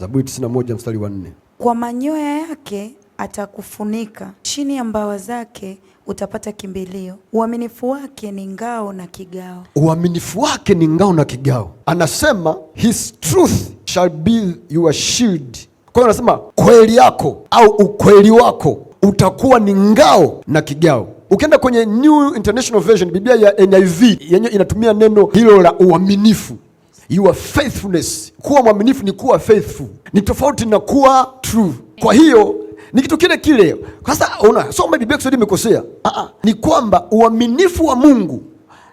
Zaburi moja mstari wa nne. Kwa manyoya yake atakufunika, chini ya mbawa zake utapata kimbilio. Uaminifu wake ni ngao na kigao. Uaminifu wake ni ngao na kigao. Anasema his truth shall be your shield. Kwa hiyo anasema kweli yako au ukweli wako utakuwa ni ngao na kigao. Ukienda kwenye New International Version, Biblia ya NIV yenyewe inatumia neno hilo la uaminifu your faithfulness. Kuwa mwaminifu ni kuwa faithful, ni tofauti na kuwa true. Kwa hiyo ni kitu kile kile. Sasa unasoma Biblia kusudi imekosea? Ah, ah, ni kwamba uaminifu wa Mungu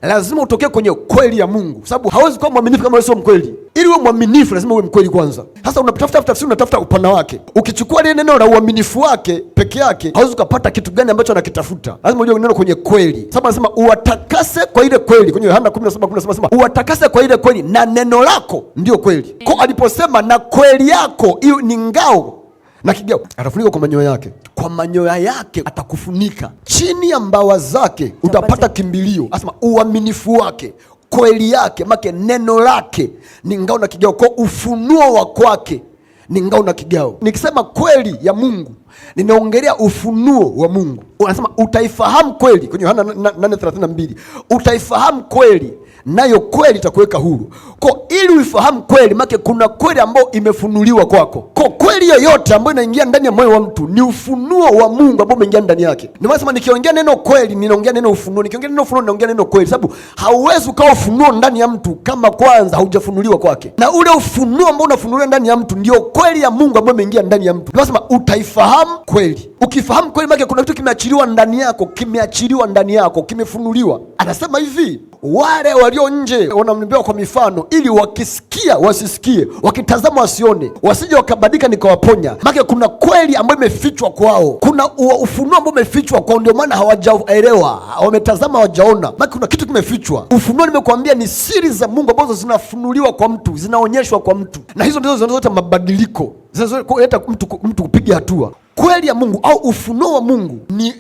lazima utokee kwenye kweli ya Mungu, sababu hawezi kuwa mwaminifu kama sio mkweli. Ili uwe mwaminifu, lazima uwe mkweli kwanza. Sasa unatafuta tafsiri, unatafuta upana wake. Ukichukua lile neno la uaminifu wake peke yake, hawezi ukapata kitu gani ambacho anakitafuta. Lazima ujue neno kwenye kweli, sababu anasema uwatakase kwa ile kweli. Kwenye Yohana 17:17 anasema uwatakase kwa ile kweli, na neno lako ndio kweli. Kwa aliposema na kweli yako hiyo ni ngao na kigeo atafunika kwa manyoya yake, kwa manyoya yake atakufunika, chini ya mbawa zake utapata kimbilio. Asema uaminifu wake kweli yake make neno lake ni ngao na kigao, kwa ufunuo wa kwake ni ngao na kigao. Nikisema kweli ya Mungu ninaongelea ufunuo wa Mungu. Unasema utaifahamu kweli kwenye Yohana 8:32 utaifahamu kweli nayo kweli itakuweka huru. Kwa ili uifahamu kweli, make kuna kweli ambayo imefunuliwa kwako. Kwa kweli yoyote ambayo inaingia ndani ya moyo wa mtu ni ufunuo wa Mungu ambao umeingia ndani yake. Ndio maana sema nikiongea neno kweli ninaongea neno ufunuo, nikiongea neno ufunuo ninaongea neno kweli, sababu hauwezi ukawa ufunuo ndani ya mtu kama kwanza haujafunuliwa kwake, na ule ufunuo ambao unafunuliwa ndani ya mtu ndio kweli ya Mungu ambayo imeingia ndani ya mtu. Ndio sema utaifahamu kweli. Ukifahamu kweli, maana kuna kitu kimeachiliwa ndani yako, kimeachiliwa ndani yako, kimefunuliwa. Anasema hivi wale walio nje wanamnimbia kwa mifano, ili wakisikia wasisikie, wakitazama wasione, wasije wakabadilika nikawaponya. Maana kuna kweli ambayo imefichwa kwao, kuna ufunuo ambao umefichwa kwao, ndio maana hawajaelewa, wametazama hawajaona. Maana kuna kitu kimefichwa. Ufunuo, nimekuambia ni siri za Mungu ambazo zinafunuliwa kwa mtu, zinaonyeshwa kwa mtu, na hizo ndizo zinazoleta mabadiliko, zinazoleta mtu mtu kupiga hatua. Kweli ya Mungu au ufunuo wa Mungu ni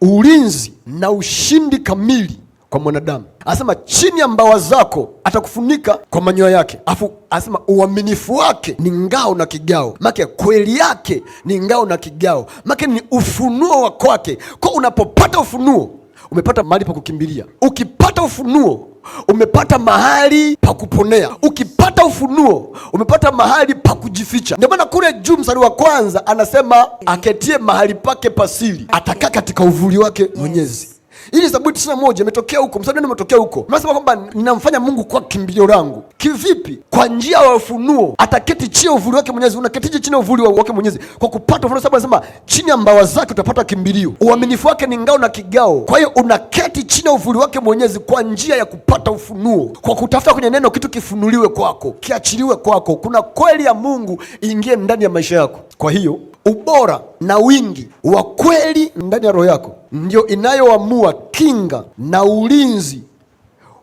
ulinzi na ushindi kamili kwa mwanadamu. Anasema chini ya mbawa zako atakufunika kwa manyoya yake, afu anasema uaminifu wake ni ngao na kigao, make kweli yake ni ngao na kigao, make ni ufunuo wa kwake. Kwa unapopata ufunuo umepata mahali pa kukimbilia. Ukipata ufunuo umepata mahali pa kuponea. Ukipata ufunuo umepata mahali pa kujificha. Ndio maana kule juu mstari wa kwanza anasema aketie mahali pake pasiri atakaa katika uvuli wake Mwenyezi ili Zaburi tisini na moja imetokea huko, mstari umetokea huko. Nasema kwamba ninamfanya Mungu kwa kimbilio langu. Kivipi? Kwa njia ya ufunuo ataketi chini ya uvuli wake Mwenyezi. Unaketije chini ya uvuli wake Mwenyezi? Kwa kupata ufunuo, sababu anasema chini ya mbawa zake utapata kimbilio. Uaminifu wake ni ngao na kigao. Kwa hiyo unaketi chini ya uvuli wake Mwenyezi kwa njia ya kupata ufunuo, kwa kutafuta kwenye neno, kitu kifunuliwe kwako, kiachiliwe kwako, kuna kweli ya Mungu ingie ndani ya maisha yako. Kwa hiyo ubora na wingi wa kweli ndani ya roho yako ndio inayoamua kinga na ulinzi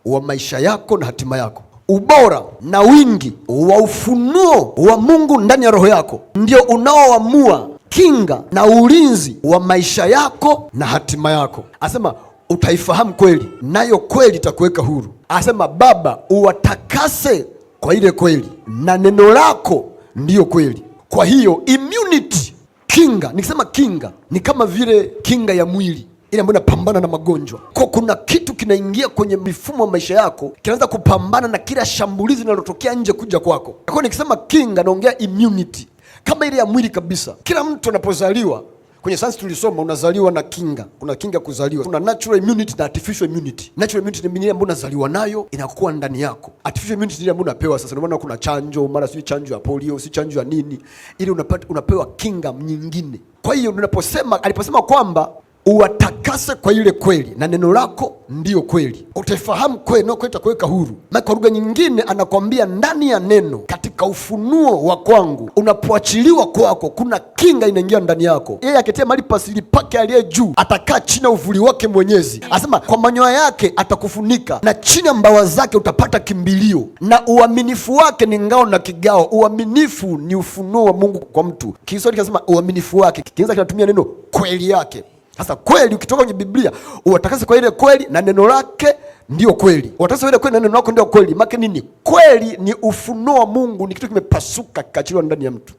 wa maisha yako na hatima yako. Ubora na wingi wa ufunuo wa Mungu ndani ya roho yako ndio unaoamua kinga na ulinzi wa maisha yako na hatima yako. Asema utaifahamu kweli, nayo kweli itakuweka huru. Asema Baba, uwatakase kwa ile kweli, na neno lako ndiyo kweli. Kwa hiyo immunity kinga. Nikisema kinga ni kama vile kinga ya mwili ile ambayo inapambana na magonjwa. Kwa kuna kitu kinaingia kwenye mifumo ya maisha yako, kinaanza kupambana na kila shambulizi linalotokea nje kuja kwako. Kwa nikisema kinga, naongea immunity kama ile ya mwili kabisa. Kila mtu anapozaliwa Kwenye sayansi tulisoma unazaliwa na kinga, kuna kinga kuzaliwa, kuna natural immunity na artificial immunity. Natural immunity ni ile ambayo unazaliwa nayo inakuwa ndani yako, artificial immunity ni ile ambayo unapewa. Sasa ndio maana kuna chanjo, mara si chanjo ya polio, si chanjo ya nini, ili unapewa kinga nyingine. Kwa hiyo unaposema, aliposema kwamba uwatakase kwa ile kweli, na neno lako ndiyo kweli. Utaifahamu kweli, na kweli itakuweka huru. Na kwa lugha nyingine anakwambia ndani ya neno, katika ufunuo wa kwangu, unapoachiliwa kwako, kuna kinga inaingia ndani yako. Yeye akitia mali pasili pake aliye juu, atakaa chini ya uvuli wake Mwenyezi. Anasema kwa manyoya yake atakufunika, na chini ya mbawa zake utapata kimbilio, na uaminifu wake ni ngao na kigao. Uaminifu ni ufunuo wa Mungu kwa mtu. Kiswahili kinasema uaminifu wake, kinaweza kinatumia neno kweli yake. Sasa kweli ukitoka kwenye Biblia uwatakase kwa ile kweli na neno lake ndio kweli. Watakase kwa ile kweli na neno lako ndio kweli. Maana nini? Kweli ni ufunuo wa Mungu, ni kitu kimepasuka kikachiliwa ndani ya mtu.